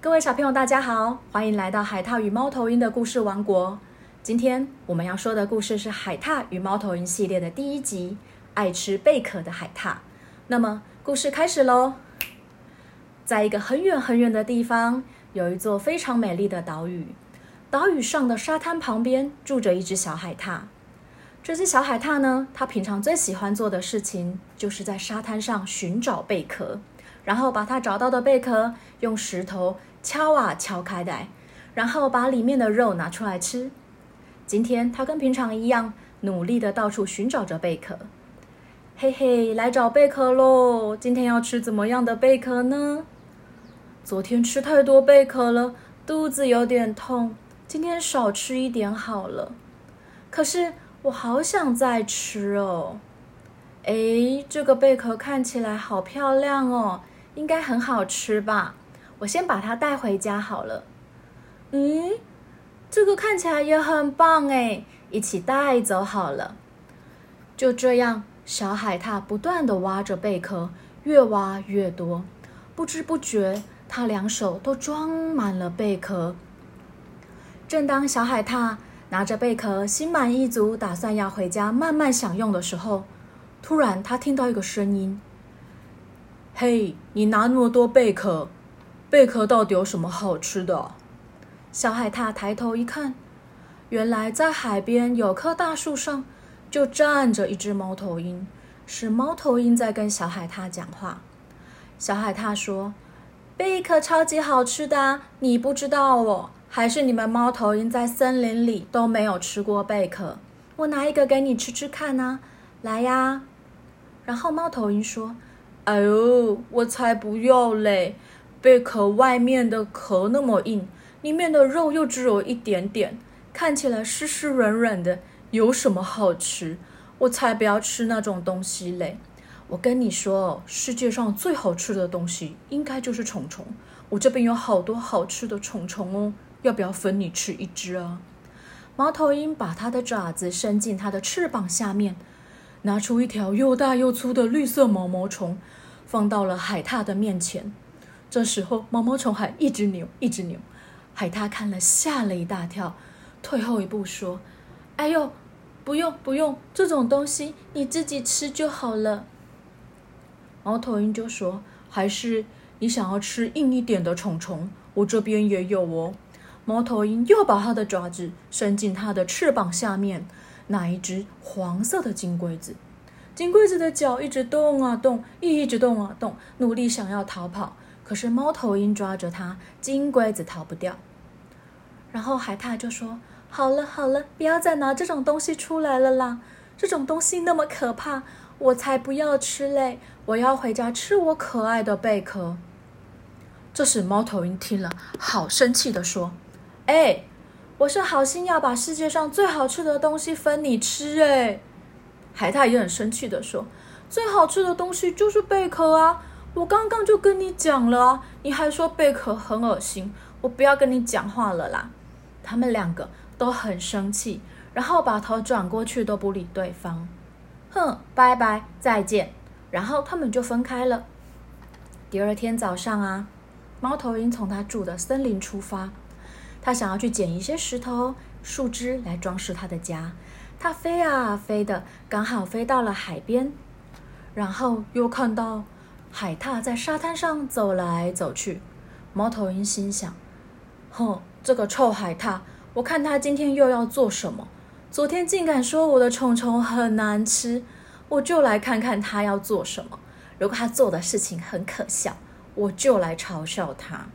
各位小朋友，大家好，歡迎來到海獺與貓頭鷹的故事王國。今天我們要說的故事是《海獺與貓頭鷹》系列的第一集《愛吃貝殼的海獺》。那麼，故事開始嘍！在一個很遠很遠的地方，有一座非常美麗的島嶼。島嶼上的沙灘旁邊住着一隻小海獺。這隻小海獺呢，它平常最喜歡做的事情就是在沙灘上尋找貝殼。然後把他找到的貝殼用石頭敲啊敲開來，然後把裡面的肉拿出來吃。今天他跟平常一樣，努力的到處尋找着貝殼。嘿嘿，來找貝殼嘍！今天要吃怎麼樣的貝殼呢？昨天吃太多貝殼了，肚子有點痛，今天少吃一點好了。可是我好想再吃哦。哎，這個貝殼看起來好漂亮哦。應該很好吃吧？我先把它帶回家好了。嗯，這個看起來也很棒哎，一起帶走好了。就這樣，小海獺不斷地挖着貝殼，越挖越多，不知不覺，他兩手都裝滿了貝殼。正當小海獺拿着貝殼，心滿意足，打算要回家慢慢享用的時候，突然他聽到一個聲音。嘿，hey，你拿那麼多貝殼，貝殼到底有什麼好吃的？小海獺抬頭一看，原來在海邊有棵大樹上就站着一只貓頭鷹，是貓頭鷹在跟小海獺講話。小海獺說：“貝殼超級好吃的，你不知道哦？還是你們貓頭鷹在森林裡都沒有吃過貝殼？我拿一個給你吃吃看吶、啊，來呀！”然後貓頭鷹說。哎呦，我才不要嘞！貝殼外面的殼那麼硬，裡面的肉又只有一點點，看起來濕濕軟軟的，有什麼好吃？我才不要吃那種東西嘞！我跟你說哦，世界上最好吃的東西應該就是蟲蟲，我這邊有好多好吃的蟲蟲哦，要不要分你吃一隻啊？貓頭鷹把它的爪子伸進它的翅膀下面。拿出一條又大又粗的綠色毛毛蟲，放到了海獺的面前。這時候，毛毛蟲還一直扭，一直扭。海獺看了嚇了一大跳，退後一步說：“哎呦，不用不用，這種東西你自己吃就好了。”貓頭鷹就說：“還是你想要吃硬一點的蟲蟲？我這邊也有哦。”貓頭鷹又把它的爪子伸進它的翅膀下面。哪一隻黃色的金龜子，金龜子的腳一直動啊動，一直動啊動，努力想要逃跑。可是貓頭鷹抓着它，金龜子逃不掉。然後海獺就說：“好了好了，不要再拿這種東西出來了啦！這種東西那麼可怕，我才不要吃嘞！我要回家吃我可愛的貝殼。”這時貓頭鷹聽了，好生氣的說：“哎！”我是好心要把世界上最好吃的東西分你吃。哎。海獺也很生氣地說：“最好吃的東西就是貝殼啊！我剛剛就跟你講了啊，你還說貝殼很惡心，我不要跟你講話了啦！”他們兩個都很生氣，然後把頭轉過去都不理對方。哼，拜拜，再見。然後他們就分開了。第二天早上啊，貓頭鷹從他住的森林出發。他想要去撿一些石頭、樹枝來裝飾他的家。他飛啊飛的，剛好飛到了海邊，然後又看到海獺在沙灘上走來走去。貓頭鷹心想：“哼，這個臭海獺，我看他今天又要做什麼？昨天竟敢說我的蟲蟲很難吃，我就來看看他要做什麼。如果他做的事情很可笑，我就來嘲笑他。”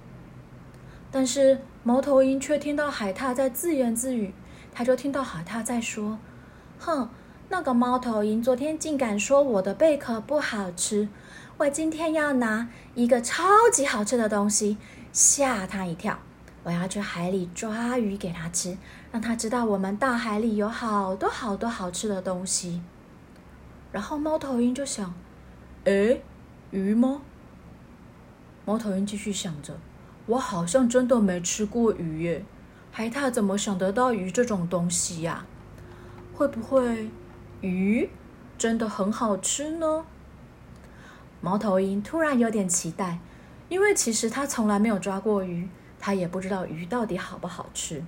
但是。貓頭鷹卻聽到海獺在自言自語，他就聽到海獺在說：“哼，那個貓頭鷹昨天竟敢說我的貝殼不好吃，我今天要拿一個超級好吃的東西嚇他一跳。我要去海裡抓魚給他吃，讓他知道我們大海裡有好多好多好吃的東西。”然後貓頭鷹就想：“誒，魚嗎？”貓頭鷹繼續想着。我好像真的沒吃過魚耶，海獺怎麼想得到魚這種東西呀？會不會魚真的很好吃呢？貓頭鷹突然有點期待，因為其實他從來沒有抓過魚，他也不知道魚到底好不好吃。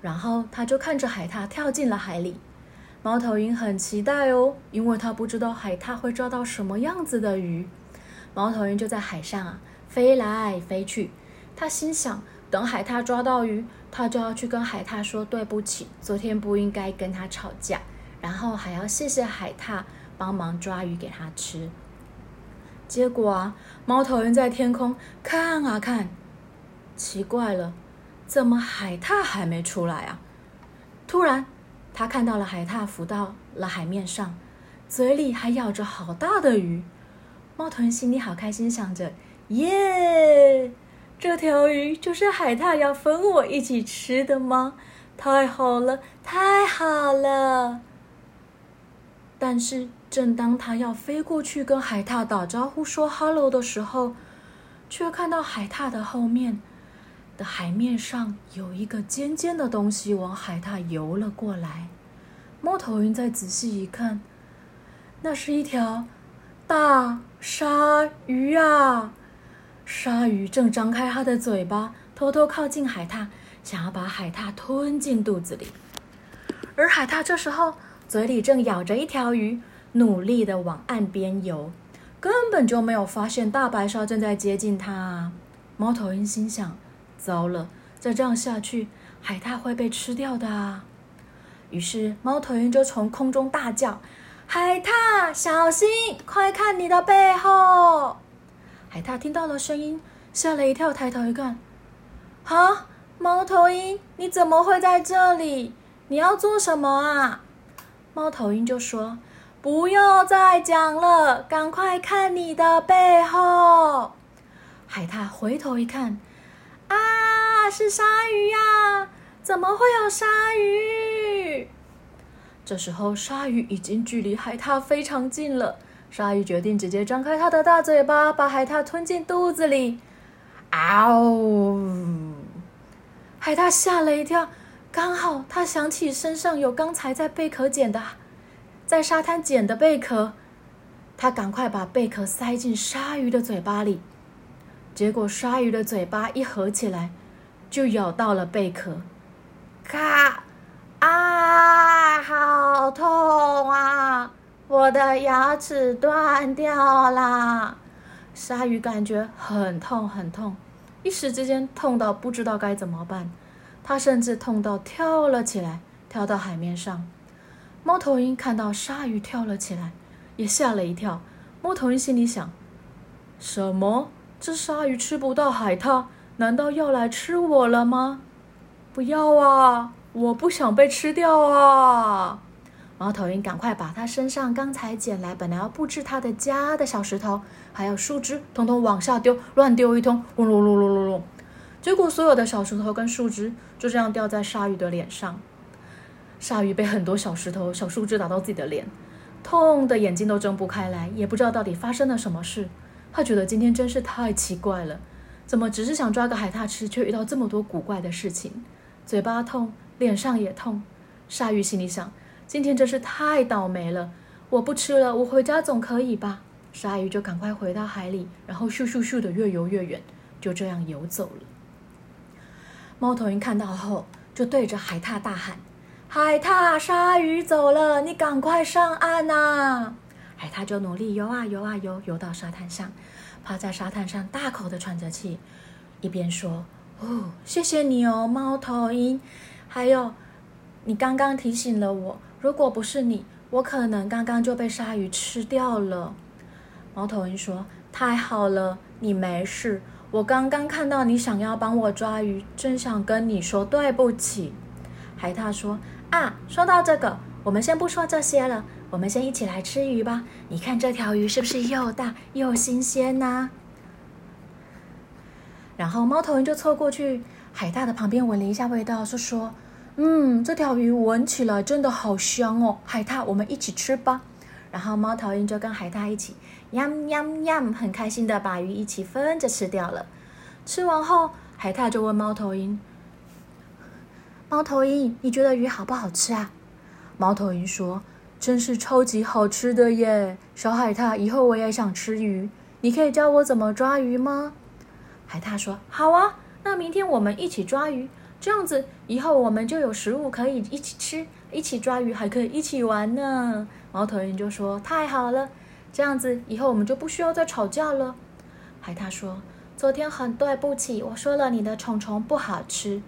然後他就看着海獺跳進了海裡，貓頭鷹很期待哦，因為他不知道海獺會抓到什麼樣子的魚。貓頭鷹就在海上啊，飛來飛去。他心想：等海獺抓到魚，他就要去跟海獺說對不起，昨天不應該跟他吵架，然後還要謝謝海獺幫忙抓魚給他吃。結果啊，貓頭鷹在天空看啊看，奇怪了，怎麼海獺還沒出來啊？突然，他看到了海獺浮到了海面上，嘴裡還咬着好大的魚。貓頭鷹心裡好開心，想着：耶！這條魚就是海獺要分我一起吃的嗎？太好了，太好了！但是正當它要飛過去跟海獺打招呼說哈嘍的時候，卻看到海獺的後面的海面上有一個尖尖的東西往海獺游了過來。貓頭鷹再仔細一看，那是一條大鯊魚啊！鯊魚正張開它的嘴巴，偷偷靠近海獺，想要把海獺吞進肚子裡。而海獺這時候嘴裡正咬着一條魚，努力的往岸邊游，根本就沒有發現大白鯊正在接近它。貓頭鷹心想：糟了，再這樣下去，海獺會被吃掉的。於是貓頭鷹就從空中大叫：“海獺，小心！快看你的背後！”海獺聽到了聲音，嚇了一跳，抬頭一看，啊，貓頭鷹，你怎麼會在這裡？你要做什麼啊？貓頭鷹就說：“不要再講了，趕快看你的背後。”海獺回頭一看，啊，是鯊魚呀，怎麼會有鯊魚？這時候，鯊魚已經距離海獺非常近了。鯊魚決定直接張開它的大嘴巴，把海獺吞進肚子裡。嗷、啊哦！海獺嚇了一跳，剛好他想起身上有剛才在貝殼撿的，在沙灘撿的貝殼，他趕快把貝殼塞進鯊魚的嘴巴裡。結果鯊魚的嘴巴一合起來，就咬到了貝殼。咔，啊，好痛啊！我的牙齒斷掉啦！鯊魚感覺很痛很痛，一時之間痛到不知道該怎麼辦。它甚至痛到跳了起來，跳到海面上。貓頭鷹看到鯊魚跳了起來，也嚇了一跳。貓頭鷹心裡想：什麼？這鯊魚吃不到海獺，難道要來吃我了嗎？不要啊！我不想被吃掉啊！貓頭鷹趕快把他身上剛才撿來、本來要布置他的家的小石頭，還有樹枝，通通往下丟，亂丟一通，轟隆隆隆隆隆！結果所有的小石頭跟樹枝就這樣掉在鯊魚的臉上。鯊魚被很多小石頭、小樹枝打到自己的臉，痛得眼睛都睜不開來，也不知道到底發生了什麼事。他覺得今天真是太奇怪了，怎麼只是想抓個海獺吃，卻遇到這麼多古怪的事情？嘴巴痛，臉上也痛。鯊魚心裡想。今天真是太倒霉了，我不吃了，我回家總可以吧？鯊魚就趕快回到海裡，然後咻咻咻的越游越遠，就這樣游走了。貓頭鷹看到後，就對着海獺大喊：“海獺，鯊魚走了，你趕快上岸吶、啊！”海獺就努力游啊游啊游，游到沙灘上，趴在沙灘上大口的喘着氣，一邊說：“哦，謝謝你哦，貓頭鷹，還有。”你剛剛提醒了我，如果不是你，我可能剛剛就被鯊魚吃掉了。貓頭鷹說：“太好了，你沒事。我剛剛看到你想要幫我抓魚，真想跟你說對不起。”海獺說：“啊，說到這個，我們先不說這些了，我們先一起來吃魚吧。你看這條魚是不是又大又新鮮呢？”然後貓頭鷹就湊過去，海獺的旁邊聞了一下味道，說：“說。”嗯，這條魚聞起來真的好香哦，海獺，我們一起吃吧。然後貓頭鷹就跟海獺一起呀呀呀，yum, yum, yum, 很開心的把魚一起分着吃掉了。吃完後，海獺就問貓頭鷹：“貓頭鷹，你覺得魚好不好吃啊？”貓頭鷹說：“真是超級好吃的耶，小海獺，以後我也想吃魚，你可以教我怎麼抓魚嗎？”海獺說：“好啊，那明天我們一起抓魚。”這樣子以後我們就有食物可以一起吃，一起抓魚，還可以一起玩呢。貓頭鷹就說：“太好了，這樣子以後我們就不需要再吵架了。”海獺說：“昨天很對不起，我說了你的蟲蟲不好吃。”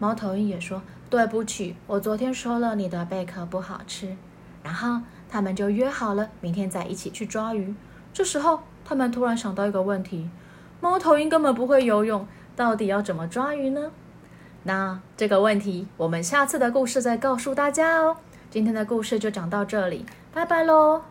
貓頭鷹也說：“對不起，我昨天說了你的貝殼不好吃。”然後他們就約好了明天再一起去抓魚。這時候他們突然想到一個問題：貓頭鷹根本不會游泳，到底要怎麼抓魚呢？那這個問題，我們下次的故事再告訴大家哦。今天的故事就講到這裡，拜拜嘍。